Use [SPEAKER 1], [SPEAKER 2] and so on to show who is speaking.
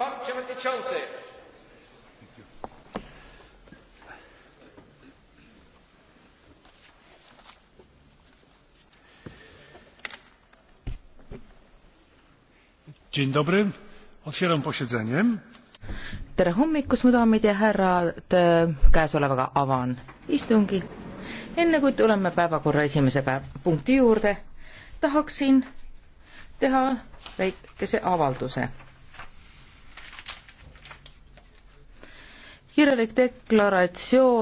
[SPEAKER 1] Pan Przewodniczący!
[SPEAKER 2] Dzień dobry. Otwieram posiedzenie.
[SPEAKER 3] Tere hommikust, mu daamid ja härrad. Käesolevaga avan istungi. Enne kui tuleme päevakorra esimese päev punkti juurde, tahaksin teha väikese avalduse
[SPEAKER 4] kirjalik deklaratsioon